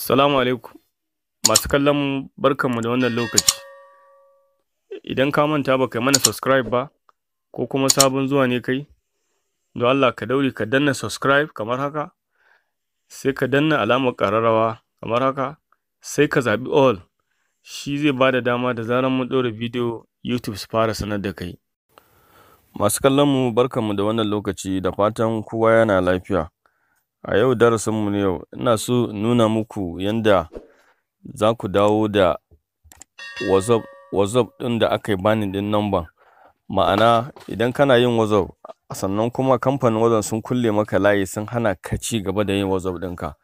Salamu alaikum. Masu kallon barkanmu da wannan lokaci. Idan ka manta ba kai mana subscribe ba, ko kuma sabon zuwa ne kai, don Allah ka daure ka danna subscribe kamar haka, sai ka danna alamar ƙararrawa kamar haka, sai ka zaɓi all. Shi zai ba da dama da zarar mun ɗora bidiyo YouTube su fara sanar da kai. Masu kallon mu barkanmu da wannan lokaci da fatan kowa yana lafiya. A yau darasinmu na yau ina so in nuna muku yanda za ku dawo da WhatsApp WhatsApp ɗin da aka yi bani ɗin number. Ma'ana idan kana yin WhatsApp sannan kuma kamfanin WhatsApp sun kulle maka layi sun hana ka ci gaba da yin WhatsApp ɗinka.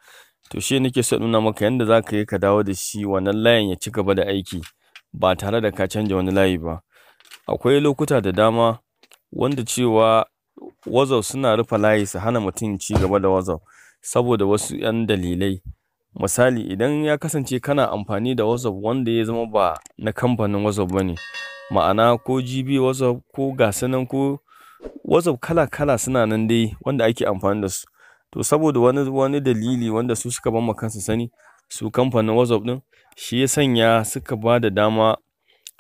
To shi nake so nuna maka yanda za ka yi ka dawo da shi wannan layin ya ci gaba da aiki ba tare da ka canja wani layi ba. Akwai lokuta da dama wanda cewa wazau suna rufe layi su hana mutum ci gaba da wazau saboda wasu 'yan dalilai misali idan ya kasance kana amfani da wazau wanda ya zama ba na kamfanin wazau ba ne ma'ana ko gb wazau ko gasanan ko wazau kala-kala suna nan dai wanda ake amfani da su to saboda wani wani dalili wanda su suka bamma kansu sani su kamfanin wazau din shi ya sanya suka ba da dama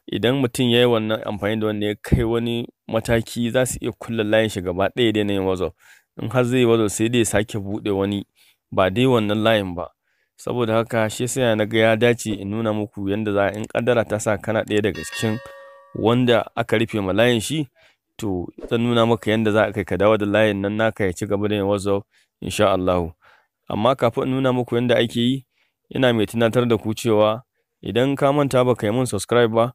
idan mutum ya yi wannan amfani da wanda ya kai wani mataki za su iya kulle layin shi gaba ɗaya da yin wazaf in har zai yi sai dai sake buɗe wani ba dai wannan layin ba saboda haka shi sai na ga ya dace in nuna muku yadda za in kaddara ta sa kana ɗaya daga cikin wanda aka rufe ma layin shi to zan nuna maka yadda za a kai ka dawo da layin nan naka ya ci gaba da yin wazaf insha Allah amma kafin in nuna muku yadda ake yi ina mai tunatar da ku cewa idan ka manta ba ka yi min subscribe ba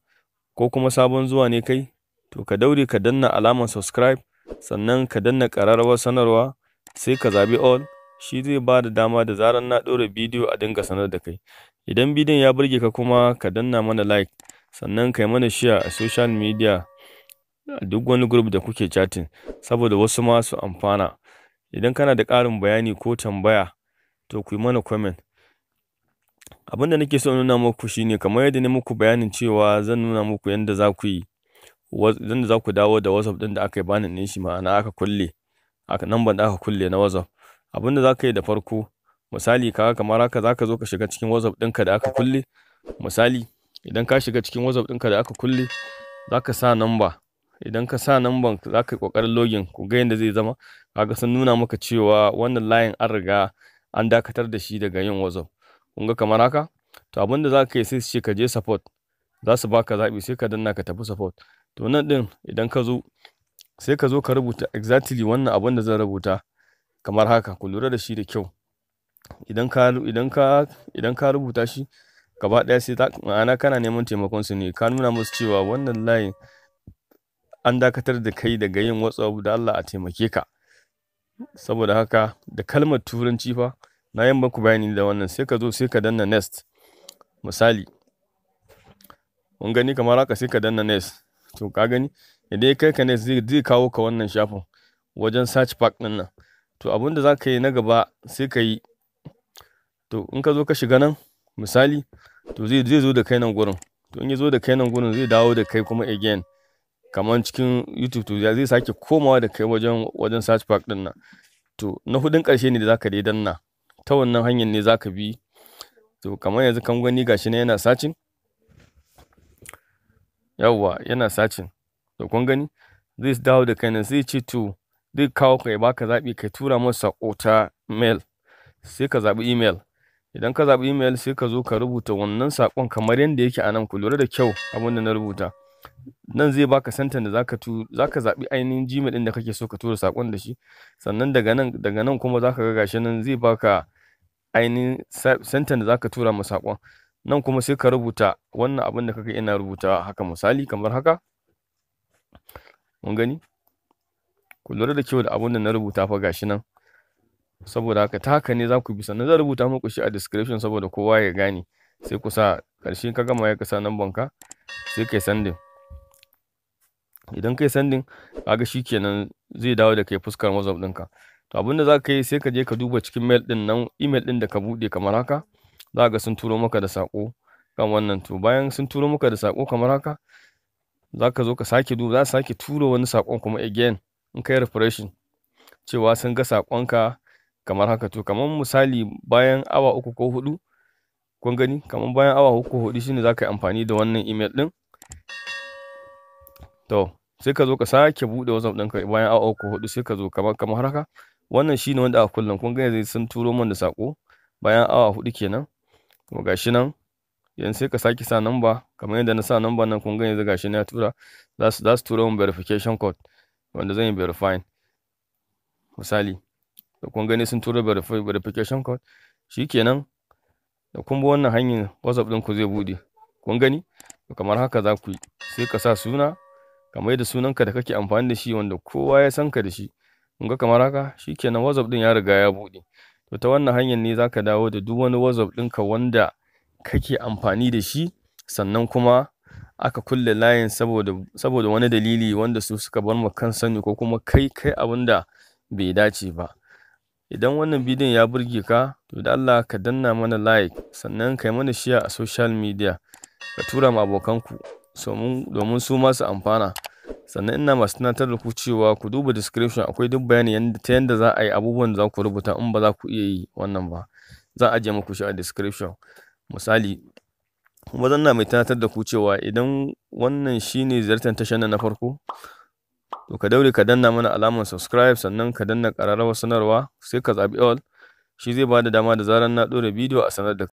ko kuma sabon zuwa ne kai to ka daure ka danna alamar subscribe sannan ka danna ƙararrawar sanarwa sai ka zaɓi all shi zai ba da dama da zarar na ɗora bidiyo a dinga sanar da kai idan bidiyon ya burge ka kuma ka danna mana like sannan kai mana share a social media duk wani group da kuke chatting saboda wasu ma su amfana idan kana da ƙarin bayani ko tambaya to ku yi mana comment abin da nake so in nuna muku shine kamar yadda ne muku bayanin cewa zan nuna muku yadda za ku yi yadda za ku dawo da whatsapp ɗin da aka yi bani ne shi ma'ana aka kulle aka namban da aka kulle na whatsapp abin da za ka yi da farko misali kaga kamar haka za ka zo ka shiga cikin whatsapp ɗinka da aka kulle misali idan ka shiga cikin whatsapp ɗinka da aka kulle za ka sa namba idan ka sa namban za ka yi ƙoƙarin login ku ga yadda zai zama kaga sun nuna maka cewa wannan layin an riga an dakatar da shi daga yin whatsapp kun ga kamar haka to abin da za ka yi sai ce ka je support za su baka zaɓi sai ka danna ka tafi support to nan din idan ka zo sai ka zo ka rubuta exactly wannan abin da zan rubuta kamar haka ku lura da shi da kyau idan ka idan ka idan ka rubuta shi gaba ɗaya sai ta ma'ana kana neman taimakon su ne ka nuna musu cewa wannan layin an dakatar da kai daga yin whatsapp da Allah a taimake ka saboda haka da kalmar turanci fa na yin muku bayani da wannan sai ka zo sai ka danna nest misali mun gani kamar haka sai ka danna nest to ka gani idan ya kai ka nest zai kawo ka wannan shafin wajen search pack din nan to abin da za ka yi na gaba sai ka yi to in ka zo ka shiga nan misali to zai zo da kai nan gurin to in ya zo da kai nan gurin zai dawo da kai kuma again kamar cikin youtube to zai sake komawa da kai wajen wajen search pack din nan to na hudun karshe ne da zaka dai danna ta wannan hanyar ne za ka bi to kamar yanzu kan gani gashi nan yana sacin yawwa yana sacin to kun gani zai dawo da kai nan zai ce to zai kawo kai baka zaɓi ka tura masa saƙo ta mail sai ka zaɓi email idan ka zaɓi email sai ka zo ka rubuta wannan saƙon kamar yadda yake a nan ku lura da kyau abin da na rubuta nan zai baka santan da zaka tu zaka zabi ainihin Gmail din da kake so ka tura sakon da shi sannan daga nan daga nan kuma zaka ga gashi nan zai baka ainihin santan da zaka tura ma saƙon nan kuma sai ka rubuta wannan abin da kaga ina rubutawa haka misali kamar haka mun gani ku lura da kyau da abin da na rubuta fa gashi nan saboda haka ta haka ne za ku bi sannan zan rubuta muku shi a description saboda kowa ya gane sai ku sa ƙarshe ka gama ya ka sa banka ka sai kai sandin idan kai sandin kaga shi shikenan zai dawo da kai fuskar WhatsApp ɗinka to abin da za ka yi sai ka je ka duba cikin mail ɗin nan email din da ka buɗe kamar haka za ga sun turo maka da sako kan wannan to bayan sun turo maka da sako kamar haka za ka zo ka sake duba za sake turo wani sakon kuma again in ka yi refreshing cewa sun ga sakonka kamar haka to kamar misali bayan awa uku ko hudu kun gani kamar bayan awa uku ko hudu shine za ka yi amfani da wannan email ɗin to sai ka zo ka sake buɗe whatsapp ɗinka bayan awa uku ko hudu sai ka zo kamar kamar haka wannan shi ne wanda a kullum kun gani zai sun turo min da sako bayan awa hudu kenan to gashi nan yanzu sai ka sake sa namba kamar yadda na sa namba nan kun gani zai gashi na tura za su za su turo min verification code wanda zan yi verifying misali da kun gani sun turo verification code shi kenan, da kun bi wannan hanyar whatsapp din ku zai bude kun gani to kamar haka za ku yi sai ka sa suna kamar yadda sunanka da kake amfani da shi wanda kowa ya san ka da shi kun ga kamar haka shikenan WhatsApp din ya riga ya buɗe to ta wannan hanyar ne zaka dawo da duk wani WhatsApp ɗinka wanda kake amfani da shi sannan kuma aka kulle layin saboda saboda wani dalili wanda su suka bar ma kan sani ko kuma kai kai abin da bai dace ba idan wannan bidiyon ya burge ka to da Allah ka danna mana like sannan kai mana share a social media ka tura ma abokanku domin su ma su amfana sannan ina masu tunatar da ku cewa ku duba description akwai duk bayani yanda ta yanda za a yi abubuwan da za ku rubuta in ba za ku iya yi wannan ba za a ajiye muku shi a description misali kuma zan na mai tunatar da ku cewa idan wannan shine ziyartar tashar na farko to ka daure ka danna mana alamar subscribe sannan ka danna ƙararrawar sanarwa sai ka zaɓi all shi zai bada dama da zarar na ɗora bidiyo a sanar da